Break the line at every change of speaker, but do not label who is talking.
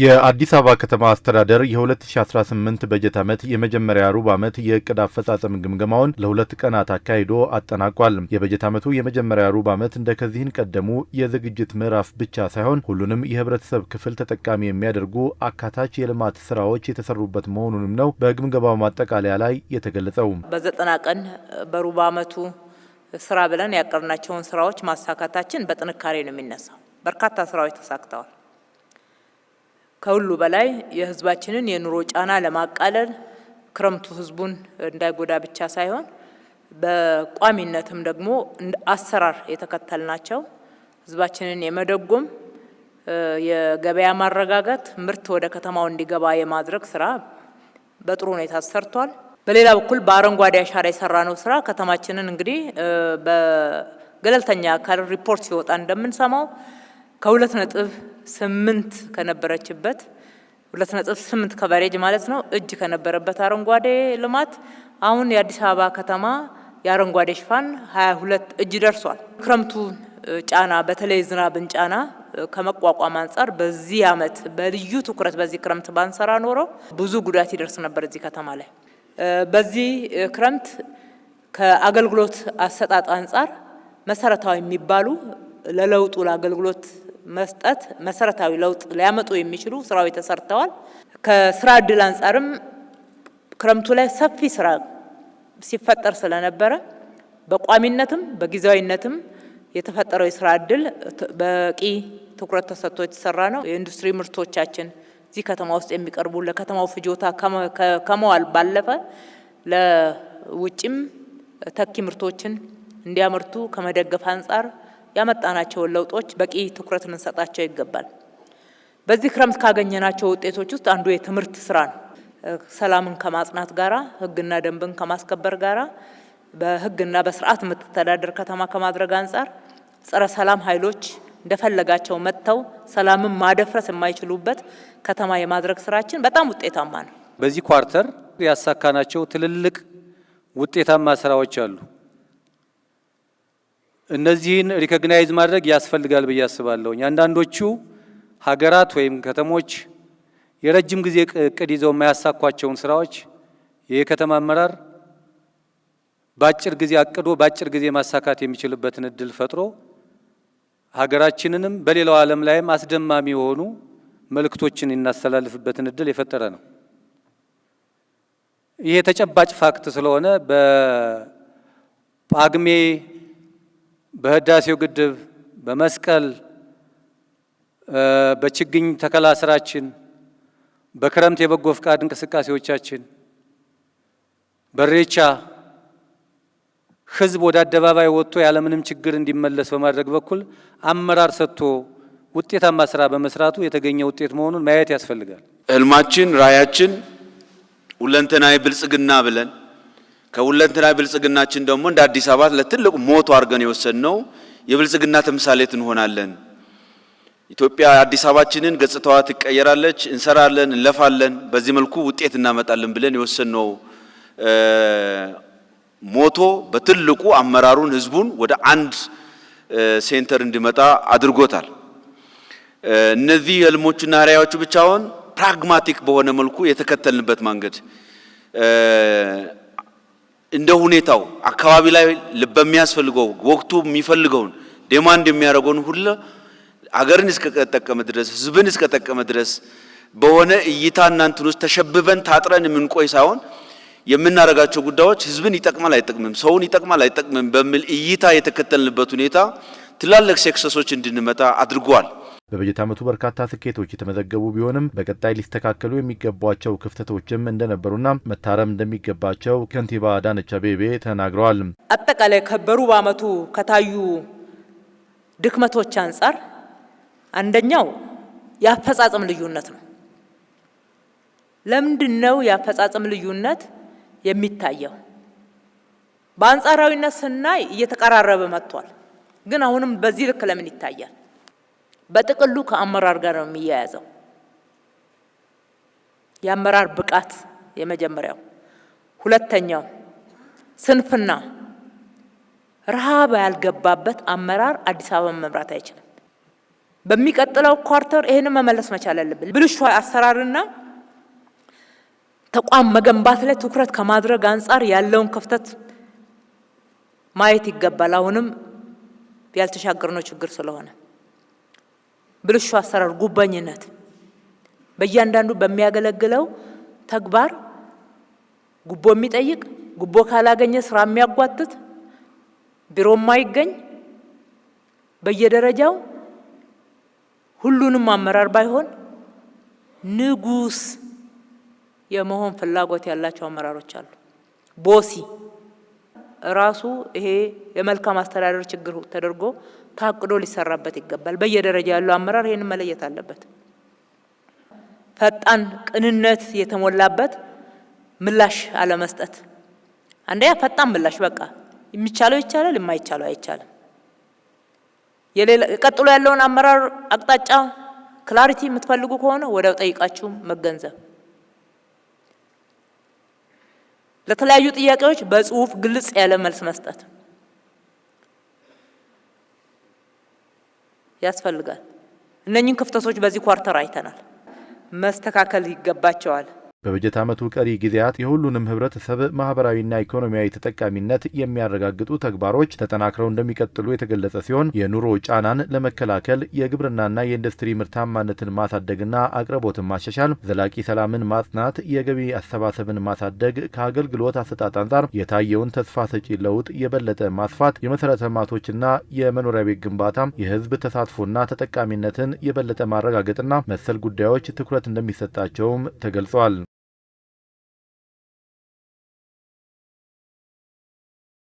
የአዲስ አበባ ከተማ አስተዳደር የ2018 በጀት ዓመት የመጀመሪያ ሩብ ዓመት የእቅድ አፈጻጸም ግምገማውን ለሁለት ቀናት አካሂዶ አጠናቋል። የበጀት ዓመቱ የመጀመሪያ ሩብ ዓመት እንደከዚህን ቀደሙ የዝግጅት ምዕራፍ ብቻ ሳይሆን ሁሉንም የህብረተሰብ ክፍል ተጠቃሚ የሚያደርጉ አካታች የልማት ስራዎች የተሰሩበት መሆኑንም ነው በግምገማው ማጠቃለያ ላይ የተገለጸው።
በዘጠና ቀን በሩብ ዓመቱ ስራ ብለን ያቀርናቸውን ስራዎች ማሳካታችን በጥንካሬ ነው የሚነሳው። በርካታ ስራዎች ተሳክተዋል። ከሁሉ በላይ የህዝባችንን የኑሮ ጫና ለማቃለል ክረምቱ ህዝቡን እንዳይጎዳ ብቻ ሳይሆን በቋሚነትም ደግሞ አሰራር ናቸው። ህዝባችንን የመደጎም የገበያ ማረጋጋት፣ ምርት ወደ ከተማው እንዲገባ የማድረግ ስራ በጥሩ ሁኔታ ተሰርቷል። በሌላ በኩል በአረንጓዴ አሻራ የሰራ ነው ስራ ከተማችንን እንግዲህ በገለልተኛ አካል ሪፖርት ሲወጣ እንደምንሰማው ከሁለት ነጥብ ስምንት ከነበረችበት ሁለት ነጥብ ስምንት ከቨሬጅ ማለት ነው እጅ ከነበረበት አረንጓዴ ልማት አሁን የአዲስ አበባ ከተማ የአረንጓዴ ሽፋን ሀያ ሁለት እጅ ደርሷል። ክረምቱ ጫና በተለይ ዝናብን ጫና ከመቋቋም አንጻር በዚህ አመት በልዩ ትኩረት በዚህ ክረምት ባንሰራ ኖሮ ብዙ ጉዳት ይደርስ ነበር እዚህ ከተማ ላይ። በዚህ ክረምት ከአገልግሎት አሰጣጥ አንጻር መሰረታዊ የሚባሉ ለለውጡ ለአገልግሎት መስጠት መሰረታዊ ለውጥ ሊያመጡ የሚችሉ ስራዎች ተሰርተዋል። ከስራ እድል አንጻርም ክረምቱ ላይ ሰፊ ስራ ሲፈጠር ስለነበረ በቋሚነትም በጊዜያዊነትም የተፈጠረው የስራ እድል በቂ ትኩረት ተሰጥቶ የተሰራ ነው። የኢንዱስትሪ ምርቶቻችን እዚህ ከተማ ውስጥ የሚቀርቡ ለከተማው ፍጆታ ከመዋል ባለፈ ለውጭም ተኪ ምርቶችን እንዲያመርቱ ከመደገፍ አንጻር ያመጣናቸውን ለውጦች በቂ ትኩረት ልንሰጣቸው ይገባል። በዚህ ክረምት ካገኘናቸው ውጤቶች ውስጥ አንዱ የትምህርት ስራ ነው። ሰላምን ከማጽናት ጋራ ህግና ደንብን ከማስከበር ጋራ በህግና በስርዓት የምትተዳደር ከተማ ከማድረግ አንጻር ጸረ ሰላም ኃይሎች እንደፈለጋቸው መጥተው ሰላምን ማደፍረስ የማይችሉበት ከተማ የማድረግ ስራችን በጣም ውጤታማ ነው።
በዚህ ኳርተር ያሳካናቸው ትልልቅ ውጤታማ ስራዎች አሉ። እነዚህን ሪኮግናይዝ ማድረግ ያስፈልጋል ብዬ አስባለሁ አንዳንዶቹ ሀገራት ወይም ከተሞች የረጅም ጊዜ እቅድ ይዘው የማያሳኳቸውን ስራዎች የከተማ አመራር በአጭር ጊዜ አቅዶ በአጭር ጊዜ ማሳካት የሚችልበትን እድል ፈጥሮ ሀገራችንንም በሌላው ዓለም ላይም አስደማሚ የሆኑ መልእክቶችን እናስተላልፍበትን እድል የፈጠረ ነው። ይሄ ተጨባጭ ፋክት ስለሆነ በጳጉሜ በህዳሴው ግድብ፣ በመስቀል፣ በችግኝ ተከላ ስራችን፣ በክረምት የበጎ ፍቃድ እንቅስቃሴዎቻችን፣ በሬቻ ህዝብ ወደ አደባባይ ወጥቶ ያለምንም ችግር እንዲመለስ በማድረግ በኩል አመራር ሰጥቶ ውጤታማ ስራ በመስራቱ የተገኘ ውጤት መሆኑን ማየት ያስፈልጋል።
ህልማችን ራዕያችን ሁለንተናዊ ብልጽግና ብለን ከሁለንትና ብልጽግናችን ደግሞ እንደ አዲስ አበባ ለትልቁ ሞቶ አድርገን የወሰድነው የብልጽግና ተምሳሌት እንሆናለን። ኢትዮጵያ አዲስ አበባችንን ገጽታዋ ትቀየራለች፣ እንሰራለን፣ እንለፋለን፣ በዚህ መልኩ ውጤት እናመጣለን ብለን የወሰድነው ሞቶ በትልቁ አመራሩን ህዝቡን ወደ አንድ ሴንተር እንዲመጣ አድርጎታል። እነዚህ ህልሞቹና ራዕዮቹ ብቻውን ፕራግማቲክ በሆነ መልኩ የተከተልንበት መንገድ እንደ ሁኔታው አካባቢ ላይ በሚያስፈልገው ወቅቱ የሚፈልገውን ዴማንድ የሚያደርገውን ሁሉ አገርን እስከጠቀመ ድረስ ህዝብን እስከጠቀመ ድረስ በሆነ እይታ እናንትን ውስጥ ተሸብበን ታጥረን የምንቆይ ሳይሆን የምናደርጋቸው ጉዳዮች ህዝብን ይጠቅማል አይጠቅምም፣ ሰውን ይጠቅማል አይጠቅምም በሚል እይታ የተከተልንበት ሁኔታ ትላልቅ ሴክሰሶች እንድንመጣ አድርጓል።
በበጀት ዓመቱ በርካታ ስኬቶች የተመዘገቡ ቢሆንም በቀጣይ ሊስተካከሉ የሚገቧቸው ክፍተቶችም እንደነበሩና መታረም እንደሚገባቸው ከንቲባ አዳነች አቤቤ ተናግረዋል።
አጠቃላይ ከበሩ በአመቱ ከታዩ ድክመቶች አንጻር አንደኛው የአፈጻጸም ልዩነት ነው። ለምንድን ነው የአፈጻጸም ልዩነት የሚታየው? በአንጻራዊነት ስናይ እየተቀራረበ መጥቷል። ግን አሁንም በዚህ ልክ ለምን ይታያል? በጥቅሉ ከአመራር ጋር ነው የሚያያዘው። የአመራር ብቃት የመጀመሪያው። ሁለተኛው ስንፍና፣ ረሃብ ያልገባበት አመራር አዲስ አበባን መምራት አይችልም። በሚቀጥለው ኳርተር ይህንን መመለስ መቻል አለብን። ብልሹ አሰራርና ተቋም መገንባት ላይ ትኩረት ከማድረግ አንጻር ያለውን ክፍተት ማየት ይገባል። አሁንም ያልተሻገርነው ችግር ስለሆነ ብልሹ አሰራር፣ ጉበኝነት በእያንዳንዱ በሚያገለግለው ተግባር ጉቦ የሚጠይቅ ጉቦ ካላገኘ ስራ የሚያጓትት ቢሮ ማይገኝ በየደረጃው ሁሉንም አመራር ባይሆን ንጉስ የመሆን ፍላጎት ያላቸው አመራሮች አሉ። ቦሲ ራሱ ይሄ የመልካም አስተዳደር ችግር ተደርጎ ታቅዶ ሊሰራበት ይገባል። በየደረጃ ያለው አመራር ይህንን መለየት አለበት። ፈጣን ቅንነት የተሞላበት ምላሽ አለመስጠት። አንደኛ ፈጣን ምላሽ በቃ የሚቻለው ይቻላል፣ የማይቻለው አይቻልም። ቀጥሎ ያለውን አመራር አቅጣጫ ክላሪቲ የምትፈልጉ ከሆነ ወዲያው ጠይቃችሁ መገንዘብ፣ ለተለያዩ ጥያቄዎች በጽሁፍ ግልጽ ያለ መልስ መስጠት ያስፈልጋል። እነኚህን ክፍተቶች በዚህ ኳርተር አይተናል። መስተካከል ይገባቸዋል።
በበጀት ዓመቱ ቀሪ ጊዜያት የሁሉንም ህብረተሰብ ማህበራዊና ኢኮኖሚያዊ ተጠቃሚነት የሚያረጋግጡ ተግባሮች ተጠናክረው እንደሚቀጥሉ የተገለጸ ሲሆን የኑሮ ጫናን ለመከላከል የግብርናና የኢንዱስትሪ ምርታማነትን ማሳደግና አቅርቦትን ማሻሻል፣ ዘላቂ ሰላምን ማጽናት፣ የገቢ አሰባሰብን ማሳደግ፣ ከአገልግሎት አሰጣጥ አንጻር የታየውን ተስፋ ሰጪ ለውጥ የበለጠ ማስፋት፣ የመሠረተ ልማቶችና የመኖሪያ ቤት ግንባታ፣ የህዝብ ተሳትፎና ተጠቃሚነትን የበለጠ ማረጋገጥና መሰል ጉዳዮች ትኩረት እንደሚሰጣቸውም ተገልጿል።